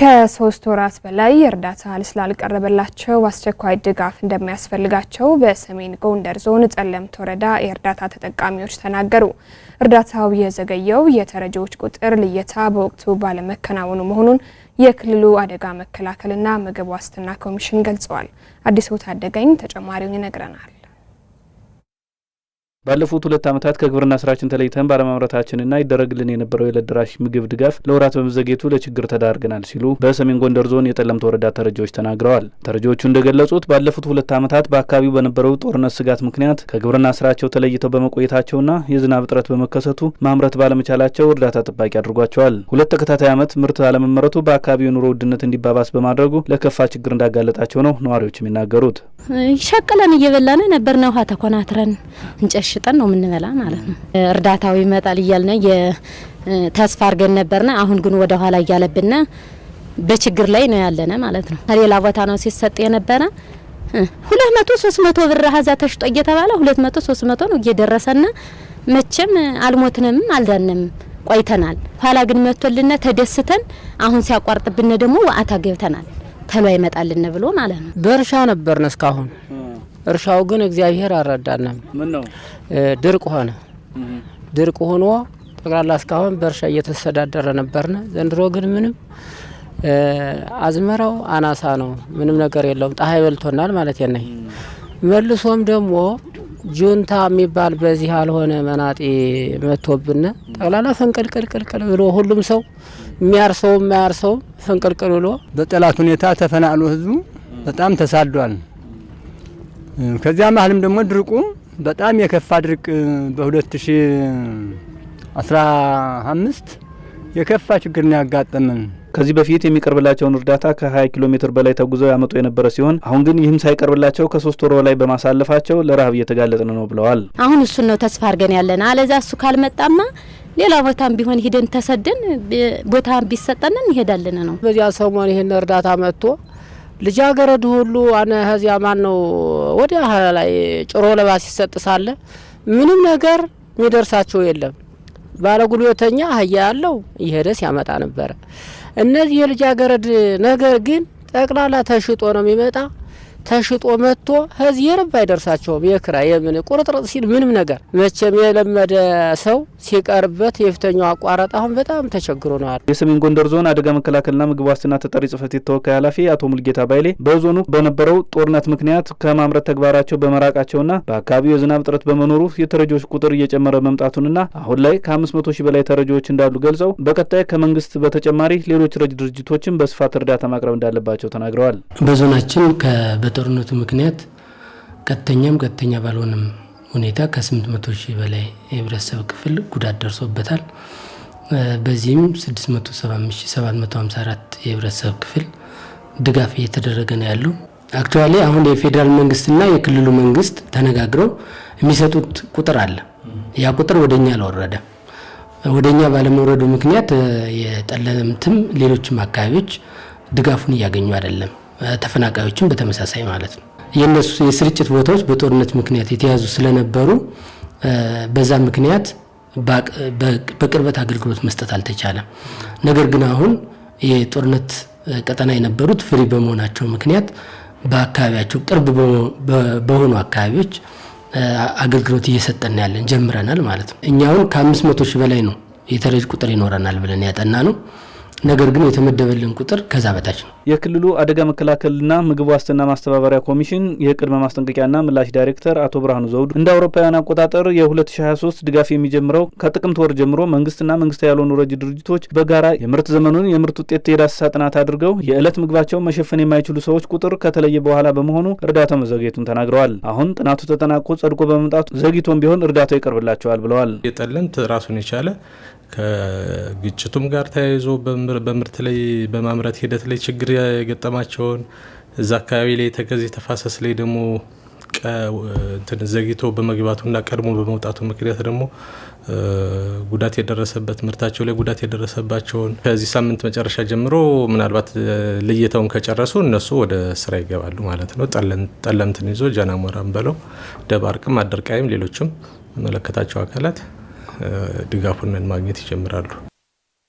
ከሶስት ወራት በላይ እርዳታ ስላልቀረበላቸው አስቸኳይ ድጋፍ እንደሚያስፈልጋቸው በሰሜን ጎንደር ዞን ጸለምት ወረዳ የእርዳታ ተጠቃሚዎች ተናገሩ። እርዳታው የዘገየው የተረጂዎች ቁጥር ልየታ በወቅቱ ባለመከናወኑ መሆኑን የክልሉ አደጋ መከላከልና ምግብ ዋስትና ኮሚሽን ገልጸዋል። አዲሱ ታደገኝ ተጨማሪውን ይነግረናል። ባለፉት ሁለት ዓመታት ከግብርና ስራችን ተለይተን ባለማምረታችንና ይደረግልን የነበረው የለደራሽ ምግብ ድጋፍ ለወራት በመዘግየቱ ለችግር ተዳርገናል ሲሉ በሰሜን ጎንደር ዞን የጠለምት ወረዳ ተረጂዎች ተናግረዋል። ተረጂዎቹ እንደገለጹት ባለፉት ሁለት ዓመታት በአካባቢው በነበረው ጦርነት ስጋት ምክንያት ከግብርና ስራቸው ተለይተው በመቆየታቸውና የዝናብ እጥረት በመከሰቱ ማምረት ባለመቻላቸው እርዳታ ጠባቂ አድርጓቸዋል። ሁለት ተከታታይ ዓመት ምርት አለመመረቱ በአካባቢው የኑሮ ውድነት እንዲባባስ በማድረጉ ለከፋ ችግር እንዳጋለጣቸው ነው ነዋሪዎች የሚናገሩት። ሸቅለን እየበላን ነበርና ውሃ ተኮናትረን እንጨሽ ሽጠን ነው የምንበላ ማለት ነው። እርዳታው ይመጣል እያልነ ተስፋ አድርገን ነበርና አሁን ግን ወደ ኋላ እያለብን በችግር ላይ ነው ያለነ ማለት ነው። ከሌላ ቦታ ነው ሲሰጥ የነበረ ሁለት መቶ ሶስት መቶ ብር ሀዛ ተሽጦ እየተባለ ሁለት መቶ ሶስት መቶ ነው እየደረሰና መቼም አልሞትንም አልዳንም ቆይተናል። ኋላ ግን መቶልነ ተደስተን አሁን ሲያቋርጥብነ ደግሞ ዋአታ ገብተናል ተሎ አይመጣልን ብሎ ማለት ነው። በእርሻ ነበርን እስካሁን እርሻው ግን እግዚአብሔር አልረዳንም። ነው ድርቅ ሆነ። ድርቅ ሆኖ ጠቅላላ እስካሁን በእርሻ እየተስተዳደረ ነበርን። ዘንድሮ ግን ምንም አዝመራው አናሳ ነው። ምንም ነገር የለውም። ፀሐይ በልቶናል ማለት ነኝ። መልሶም ደግሞ ጁንታ የሚባል በዚህ ያልሆነ መናጤ መቶብን ጠቅላላ ፍንቅልቅልቅልቅል ብሎ ሁሉም ሰው የሚያርሰውም የማያርሰውም ፍንቅልቅል ብሎ በጠላት ሁኔታ ተፈናቅሎ ህዝቡ በጣም ተሳዷል። ከዚያ ማህልም ደግሞ ድርቁ በጣም የከፋ ድርቅ በ2015 የከፋ ችግር ነው ያጋጠመን። ከዚህ በፊት የሚቀርብላቸውን እርዳታ ከ20 ኪሎ ሜትር በላይ ተጉዘው ያመጡ የነበረ ሲሆን አሁን ግን ይህም ሳይቀርብላቸው ከሶስት ወር በላይ በማሳለፋቸው ለረሀብ እየተጋለጥን ነው ብለዋል። አሁን እሱን ነው ተስፋ አድርገን ያለን። አለዛ እሱ ካልመጣማ ሌላ ቦታም ቢሆን ሂደን ተሰደን ቦታ ቢሰጠን እንሄዳለን ነው። በዚያ ሰሞን ይህን እርዳታ መጥቶ ልጃገረድ ሁሉ አነ ህዚያ ማን ነው ወዲያ ላይ ጭሮ ለባስ ይሰጥ ሳለ ምንም ነገር የሚደርሳቸው የለም። ባለ ጉልበተኛ አህያ ያለው እየሄደ ሲያመጣ ነበረ። እነዚህ የልጃገረድ ነገር ግን ጠቅላላ ተሽጦ ነው የሚመጣ። ተሽጦ መጥቶ የርብ አይደርሳቸውም። የክራ የምን ቁርጥርጥ ሲል ምንም ነገር መቼም የለመደ ሰው ሲቀርበት የፊተኛው አቋረጥ አሁን በጣም ተቸግሮ ነዋል። የሰሜን ጎንደር ዞን አደጋ መከላከልና ምግብ ዋስትና ተጠሪ ጽህፈት ቤት ተወካይ ኃላፊ አቶ ሙልጌታ ባይሌ በዞኑ በነበረው ጦርነት ምክንያት ከማምረት ተግባራቸው በመራቃቸውና በአካባቢው የዝናብ እጥረት በመኖሩ የተረጂዎች ቁጥር እየጨመረ መምጣቱንና አሁን ላይ ከ መቶ ሺህ በላይ ተረጂዎች እንዳሉ ገልጸው በቀጣይ ከመንግስት በተጨማሪ ሌሎች ረጅ ድርጅቶችን በስፋት እርዳታ ማቅረብ እንዳለባቸው ተናግረዋል። በዞናችን በጦርነቱ ምክንያት ቀጥተኛም ቀጥተኛ ባልሆንም። ሁኔታ ከ800 ሺህ በላይ የህብረተሰብ ክፍል ጉዳት ደርሶበታል። በዚህም 675754 የህብረተሰብ ክፍል ድጋፍ እየተደረገ ነው ያለው። አክቹዋሊ አሁን የፌዴራል መንግስትና የክልሉ መንግስት ተነጋግረው የሚሰጡት ቁጥር አለ። ያ ቁጥር ወደኛ አልወረደ። ወደኛ ባለመውረዱ ምክንያት የጠለምትም ሌሎችም አካባቢዎች ድጋፉን እያገኙ አይደለም። ተፈናቃዮችም በተመሳሳይ ማለት ነው። የነሱ የስርጭት ቦታዎች በጦርነት ምክንያት የተያዙ ስለነበሩ በዛ ምክንያት በቅርበት አገልግሎት መስጠት አልተቻለም። ነገር ግን አሁን የጦርነት ቀጠና የነበሩት ፍሪ በመሆናቸው ምክንያት በአካባቢያቸው ቅርብ በሆኑ አካባቢዎች አገልግሎት እየሰጠን ያለን ጀምረናል ማለት ነው። እኛ አሁን ከአምስት መቶ ሺህ በላይ ነው የተረጅ ቁጥር ይኖረናል ብለን ያጠና ነው። ነገር ግን የተመደበልን ቁጥር ከዛ በታች ነው። የክልሉ አደጋ መከላከልና ምግብ ዋስትና ማስተባበሪያ ኮሚሽን የቅድመ ማስጠንቀቂያና ምላሽ ዳይሬክተር አቶ ብርሃኑ ዘውዱ እንደ አውሮፓውያን አቆጣጠር የ2023 ድጋፍ የሚጀምረው ከጥቅምት ወር ጀምሮ መንግስትና መንግስት ያልሆኑ ረጅ ድርጅቶች በጋራ የምርት ዘመኑን የምርት ውጤት የዳሰሳ ጥናት አድርገው የዕለት ምግባቸውን መሸፈን የማይችሉ ሰዎች ቁጥር ከተለየ በኋላ በመሆኑ እርዳታው መዘግየቱን ተናግረዋል። አሁን ጥናቱ ተጠናቆ ጸድቆ በመምጣቱ ዘግይቶም ቢሆን እርዳታው ይቀርብላቸዋል ብለዋል። የጠለምት ራሱን የቻለ ከግጭቱም ጋር ተያይዞ በምርት ላይ በማምረት ሂደት ላይ ችግር የገጠማቸውን እዛ አካባቢ ላይ ተከዜ ተፋሰስ ላይ ደግሞ ዘግይቶ በመግባቱና ቀድሞ በመውጣቱ ምክንያት ደግሞ ጉዳት የደረሰበት ምርታቸው ላይ ጉዳት የደረሰባቸውን ከዚህ ሳምንት መጨረሻ ጀምሮ ምናልባት ልየተውን ከጨረሱ እነሱ ወደ ስራ ይገባሉ ማለት ነው። ጠለምትን ይዞ ጃናሞራን በለው ደባርቅም፣ አደርቃይም ሌሎችም መለከታቸው አካላት ድጋፉን ማግኘት ይጀምራሉ።